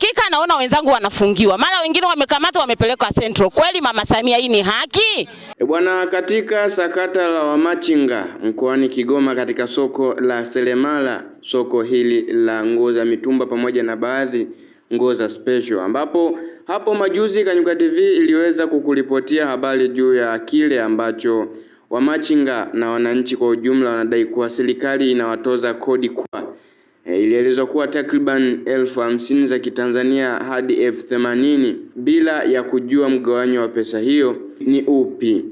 Kika naona wenzangu wanafungiwa, mara wengine wamekamatwa wamepelekwa Central. Kweli Mama Samia, hii ni haki? E bwana, katika sakata la wamachinga mkoani Kigoma katika soko la Selemala, soko hili la nguo za mitumba pamoja na baadhi nguo za special, ambapo hapo majuzi Kanyuka TV iliweza kukulipotia habari juu ya kile ambacho wamachinga na wananchi kwa ujumla wanadai kuwa serikali inawatoza kodi kwa E, ilielezwa kuwa takriban elfu hamsini za Kitanzania hadi elfu themanini bila ya kujua mgawanyo wa pesa hiyo ni upi.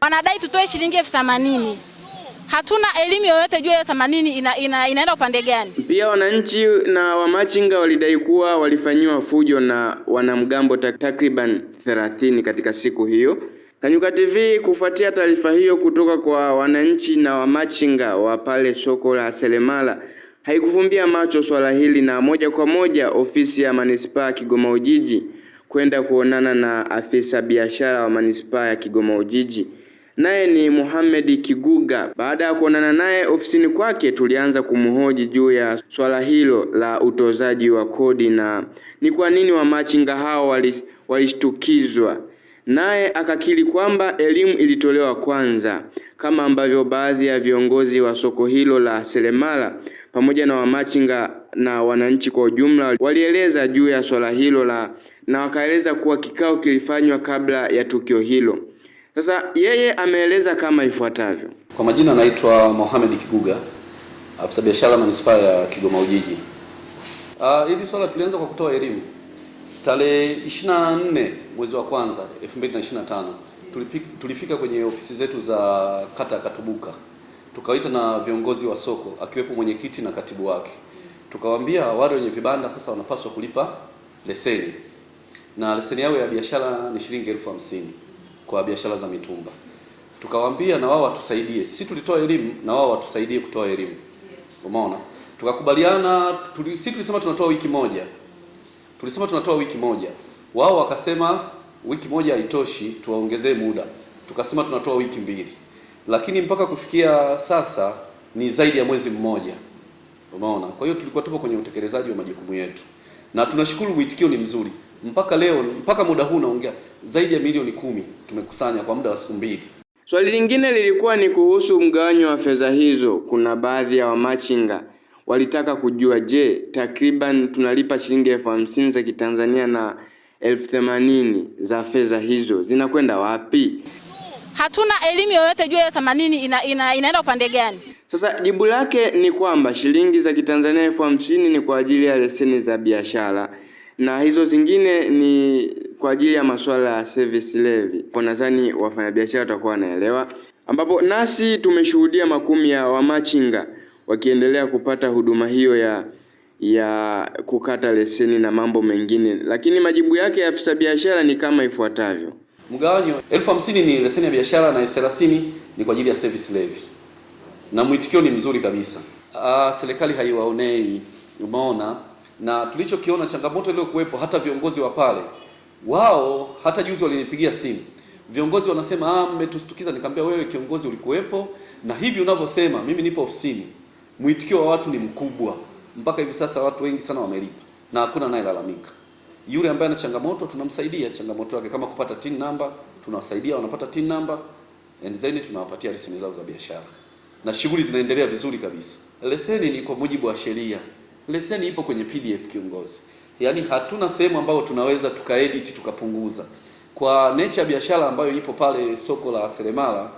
Wanadai tutoe shilingi elfu themanini hatuna elimu yoyote juu ya themanini ina, ina, inaenda upande gani? Pia wananchi na wamachinga walidai kuwa walifanyiwa fujo na wanamgambo takriban 30 katika siku hiyo. Kanyuka TV kufuatia taarifa hiyo kutoka kwa wananchi na wamachinga wa pale soko la Selemala haikufumbia macho swala hili na moja kwa moja ofisi ya manispaa ya Kigoma Ujiji kwenda kuonana na afisa biashara wa manispaa ya Kigoma Ujiji naye ni Mohamed Kiguga. Baada ya kuonana naye ofisini kwake, tulianza kumhoji juu ya swala hilo la utozaji wa kodi na ni kwa nini wamachinga hao walishtukizwa wali naye akakiri kwamba elimu ilitolewa kwanza, kama ambavyo baadhi ya viongozi wa soko hilo la seremala pamoja na wamachinga na wananchi kwa ujumla walieleza juu ya swala hilo la na wakaeleza kuwa kikao kilifanywa kabla ya tukio hilo. Sasa yeye ameeleza kama ifuatavyo. Kwa majina anaitwa Mohamed Kiguga, afisa biashara manispaa ya Kigoma Ujiji. Uh, hili swala tulianza kwa kutoa elimu Tarehe 24 mwezi wa kwanza 2025 tulifika kwenye ofisi zetu za kata ya Katubuka, tukawaita na viongozi wa soko akiwepo mwenyekiti na katibu wake, tukawaambia wale wenye vibanda sasa wanapaswa kulipa leseni na leseni yao ya biashara ni shilingi elfu hamsini kwa biashara za mitumba. Tukawaambia na wao watusaidie, sisi tulitoa elimu na wao watusaidie kutoa elimu, umeona. Tukakubaliana tuli, sisi tulisema tunatoa wiki moja Tulisema tunatoa wiki moja, wao wakasema wiki moja haitoshi, tuwaongezee muda, tukasema tunatoa wiki mbili, lakini mpaka kufikia sasa ni zaidi ya mwezi mmoja. Umeona? Kwa hiyo tulikuwa tupo kwenye utekelezaji wa majukumu yetu, na tunashukuru mwitikio ni mzuri mpaka leo, mpaka muda huu naongea, zaidi ya milioni kumi tumekusanya kwa muda wa siku mbili. Swali lingine lilikuwa ni kuhusu mgawanyo wa fedha hizo. Kuna baadhi ya wamachinga walitaka kujua, je, takriban tunalipa shilingi elfu hamsini za Kitanzania na elfu themanini za fedha hizo zinakwenda wapi? Hatuna elimu yoyote juu ya themanini ina, ina, inaenda upande gani? Sasa jibu lake ni kwamba shilingi za Kitanzania elfu hamsini ni kwa ajili ya leseni za biashara na hizo zingine ni kwa ajili ya masuala ya service levy. Kwa nadhani wafanyabiashara watakuwa wanaelewa, ambapo nasi tumeshuhudia makumi ya wamachinga wakiendelea kupata huduma hiyo ya ya kukata leseni na mambo mengine, lakini majibu yake ya afisa biashara ni kama ifuatavyo. Mgawanyo elfu hamsini ni leseni ya biashara na elfu thelathini ni kwa ajili ya service levy, na mwitikio ni mzuri kabisa. Ah, serikali haiwaonei, umeona. Na tulichokiona changamoto iliyokuwepo, hata viongozi wa pale wao, hata juzi walinipigia simu viongozi wanasema, ah, mmetustukiza. Nikamwambia wewe kiongozi ulikuwepo, na hivi unavyosema mimi nipo ofisini mwitikio wa watu ni mkubwa. Mpaka hivi sasa watu wengi sana wamelipa na hakuna anayelalamika. Yule ambaye ana changamoto tunamsaidia changamoto yake, kama kupata TIN number tunawasaidia wanapata TIN number and then tunawapatia leseni zao za biashara na shughuli zinaendelea vizuri kabisa. Leseni ni kwa mujibu wa sheria, leseni ipo kwenye PDF kiongozi, yaani hatuna sehemu ambayo tunaweza tukaedit tukapunguza. Kwa nature ya biashara ambayo ipo pale soko la seremala,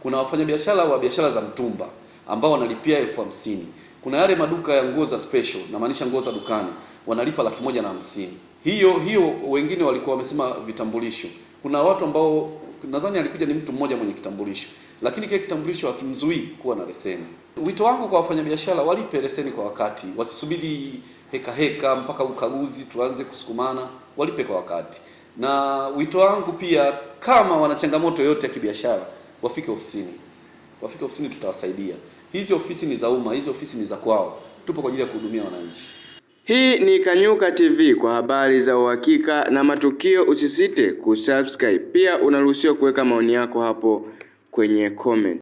kuna wafanyabiashara wa biashara za mtumba ambao wanalipia elfu hamsini. Kuna yale maduka ya nguo za special, namaanisha nguo za dukani wanalipa laki moja na hamsini. Hiyo hiyo wengine walikuwa wamesema vitambulisho. Kuna watu ambao nadhani alikuja ni mtu mmoja mwenye kitambulisho, lakini kile kitambulisho hakimzuii kuwa na leseni. Wito wangu kwa wafanyabiashara walipe leseni kwa wakati, wasisubiri heka heka mpaka ukaguzi tuanze kusukumana, walipe kwa wakati. Na wito wangu pia, kama wana changamoto yoyote ya kibiashara, wafike ofisini, wafike ofisini, tutawasaidia. Hizi ofisi ni za umma, hizi ofisi ni za kwao. Tupo kwa ajili ya kuhudumia wananchi. Hii ni Kanyuka TV kwa habari za uhakika na matukio, usisite kusubscribe. Pia unaruhusiwa kuweka maoni yako hapo kwenye comment.